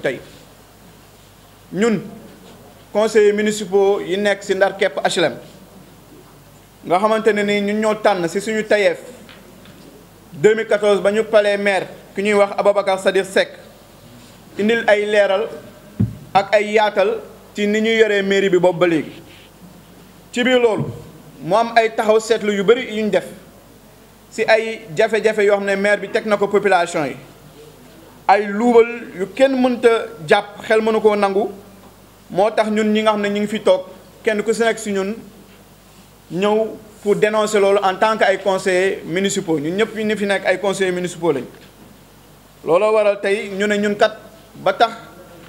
tey ñun conseillers municipaux yi nekk ci Ndar Kepp HLM nga xamante ne ni ñu ñoo tànn ci suñu tayeef 2014 ba ñu palee maire ki ñuy wax sa Sadikh Seck indi ay leeral ak ay yaatal ci ni ñu yoree mairie bi boobu ba léegi ci biir loolu mu am ay taxaw seetlu yu bari yu ñu def ci ay jafe-jafe yoo xam ne maire bi teg na ko population yi ay luubal yu kenn mënta japp xel mënu ko nangu motax ñun ñi nga xamne ñi ngi fi tok kenn ku si nekk si ñun ñew pour dénoncer lolu en tant que ay conseillers municipaux ñun ñep ñi fi nek ay conseillers municipaux lañ looloo waral tay ñu ne ñun kat ba tax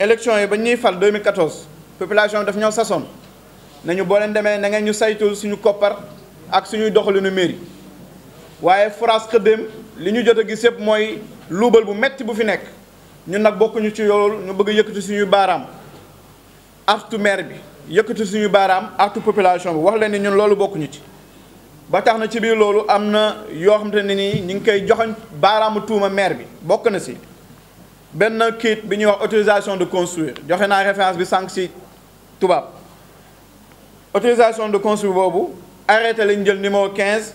élection yi ba ñuy fal 2014 population daf ñoo sasoon nañu boo leen demee na ngeen ñu saytul suñu copar ak suñu doxalinu mairie waaye France xëddéem li ñu jot gis l'oubal bu metti bu fi nek ñun bokku ñu ci yool ñu bëgg artu maire bi suñu population bi wax leen ni ñun loolu ñu ci ba tax na ci biir loolu am autorisation de construire joxe naa référence bi sànq si autorisation de construire arrêté numéro 15.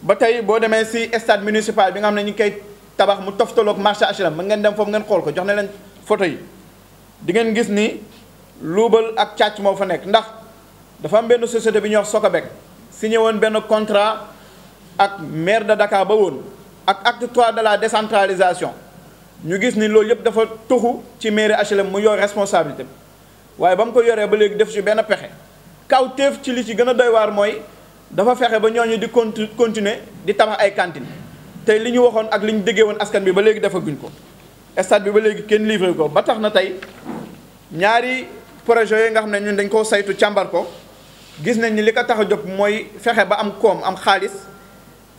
ba tey boo demee si stade municipal bi nga xam ne ñi ngi tabax mu toftaloog marché HLM mën ngeen dem foofu ngeen xool ko jox na leen photo yi di ngeen gis ni luubal ak càcc moo fa nekk ndax dafa am benn société bi ñuy wax Socabek signé woon benn contrat ak maire de Dakar ba woon ak acte trois de la décentralisation ñu gis ni loolu yëpp dafa tuxu ci mairie HLM mu yor responsabilité bi waaye ba mu ko yoree ba léegi def ci benn pexe kaw téef ci li ci gën a doy waar mooy dafa fexé ba ñooñu di conti continuer di tabax ay cantine tey liñu waxon ak liñu ñu déggee askan bi ba légui dafa guñ ko stade bi ba légui kenn livré ko ba taxna tay ñaari projet yi nga xam ñun dañ ko saytu càmbar ko gis nañ ni li ko tax jop moy fexé ba am kom am xaalis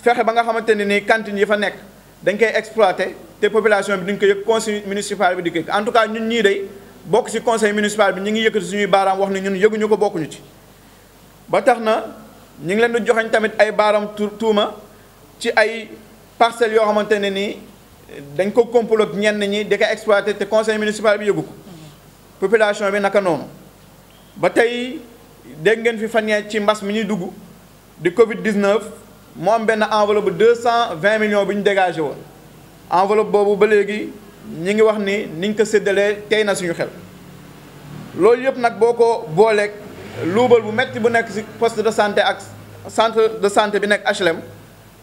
fexé ba nga xamanteni ni cantine yi fa nek dañ koy exploiter té population bi duñ ko yëg conseil municipal bi di ko en tout cas ñun ñi day bok ci conseil municipal bi ñi ngi yëkkati suñu baram wax ni ñun yëguñu ko bokku ñu ci ba taxna ñu ngi leen di joxeñ tamit ay baaram tuuma ci ay parcelles yoo xamante ne nii dañ ko complot ñenn ñi di ko exploité te conseil municipal bi yëgu ko population bi naka noonu ba tey dégg ngeen fi fan ci mbas mi ñuy dugg di Covid 19 mu am benn enveloppe bu deux cent vingt millions bu ñu dégagé woon enveloppe boobu ba léegi ñi ngi wax ni niñ ko séddalee tey na suñu xel loolu yëpp nag boo ko booleek luubal bu metti bu nekk ci poste de santé ak centre de santé bi nekk HLM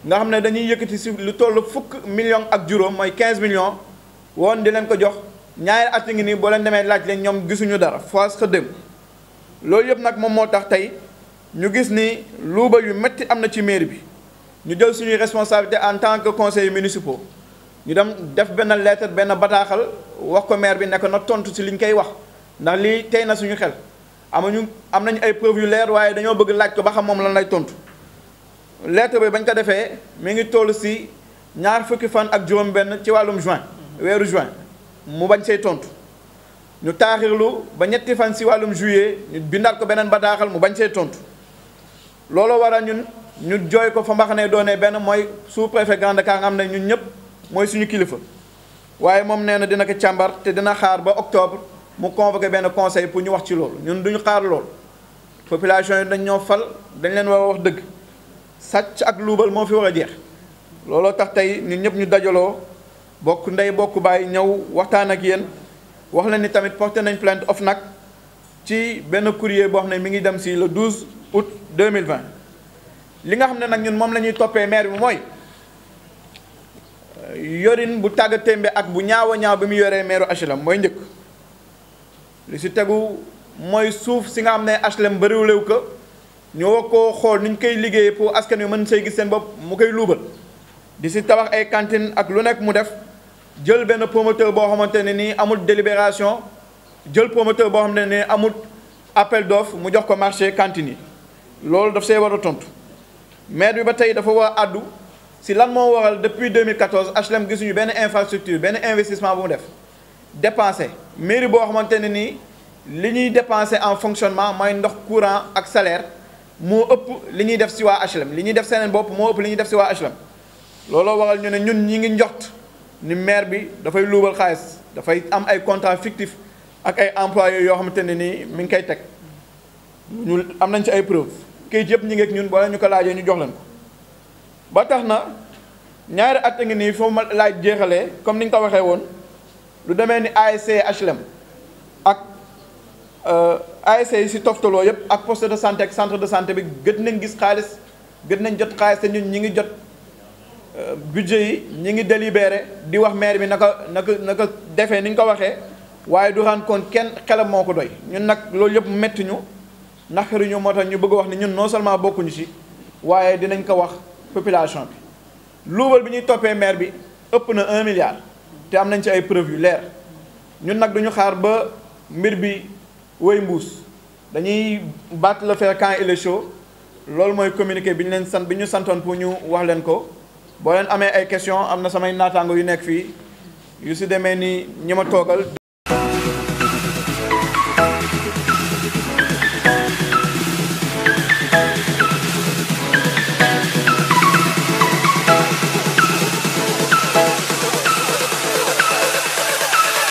nga xam ne dañuy yëkkati ci lu toll fukk million ak juróom mooy 15 millions woon di leen ko jox ñaari at ngi nii boo leen demee laaj leen ñoom gisuñu dara foos xa dem loolu yëpp nag moom moo tax tey ñu gis ni luubal yu metti am na ci mairie bi ñu jël suñuy responsabilité en tant que conseillers municipaux ñu dem def benn lettre benn bataaxal wax ko maire bi ne ko na tontu ci liñ koy wax ndax lii tey na suñu xel. amuñu am nañu ay preuve yu leer waaye dañoo bëgg laaj ko ba xam moom lan lay tontu lettre bi bañ ko defee mi ngi toll si ñaar fukki fan ak juróom-benn ci wàllum juin weeru juin mu bañ say tontu ñu taaxirlu ba ñetti fan si wàllum juillet ñu bindaat ko beneen ba daaxal mu bañ say tontu looloo waral ñun ñu jooy ko fa mbax doonee benn mooy sous-préfet Grand-Dakar nga xam ne ñun ñëpp mooy suñu kilifa waaye moom nee na dina ko càmbar te dina xaar ba octobre. mu convoqué benn conseil pour ñu wax ci loolu ñun duñu xaar loolu population yi dañ ñoo fal dañ leen war a wax dëgg sàcc ak luubal moo fi war a jeex looloo tax tey ñun ñëpp ñu dajaloo bokk ndey bokk baay ñëw waxtaan ak yéen wax leen ni tamit porté nañ plainte nag ci benn courrier boo xam ne mi ngi dem si le deux mille 2020 li nga xam ne nag ñun moom la ñuy toppee maire bi mooy yorin bu tàggatémbe ak bu ñaaw a ñaaw bi mu yoree maire HLM mooy njëkk li si tegu moy souf si nga xam ne HLM bëriwulew ko ñu war koo xool ni koy liggéey pour askan wi mën say gis sen bop mu koy loubal di ci tabax ay cantine ak lu nekk mu def jël ben promoteur bo xamante ni amul délibération jël promoteur bo xam amul appel d'offre mu jox ko marché cantine yi daf see war tontu maire bi ba tey dafa wa addu si lan mo waral depuis 2014 HLM gisuñu ben infrastructure ben investissement bu mu def. dépensé mairie boo xamante ne nii li ñuy dépensé en fonctionnement may ndox courant ak salaire moo ëpp li ñuy def si waa HLM li ñuy def seen bopp moo ëpp li ñuy def si waa HLM looloo waral ñu ne ñun ñi ngi njot ni maire bi dafay luubal xaalis dafay am ay contrat fictif ak ay employés yoo xamante ne nii mi ngi koy teg ñu am nañ ci ay preuve kayit yëpp ñi ngeek ñun boo ñu ko laajee ñu jox leen ko ba tax na ñaari at a ngi nii foofu ma laaj jeexalee comme ni nga ko waxee woon lu demee ni ASC HLM ak euh, ASC yi si toftaloo yëpp ak poste de santé ak centre de santé bi gën nañ gis xaalis gën nañ jot xaalis te ñun ñi ngi jot euh, budget yi ñi ngi délibéré di wax maire bi naka naka naka defee ni ñu ko waxee waaye du rendre kenn xelam moo ko doy ñun nag loolu yëpp métti ñu naqariñu moo tax ñu bëgg wax ne ñun non seulement bokkuñu si waaye dinañ ko wax population bi luubal bi ñuy toppee maire bi ëpp na un milliard te am nañ ci ay preuve yu leer ñun nag duñu xaar ba mbir bi wéy mbuus dañuy baat le fer quand il est loolu mooy communiqué bi ñu leen sant bi ñu santoon pour ñu wax leen ko boo leen amee ay question am na samay naataango yu nekk fii yu si demee ni ñi ma toogal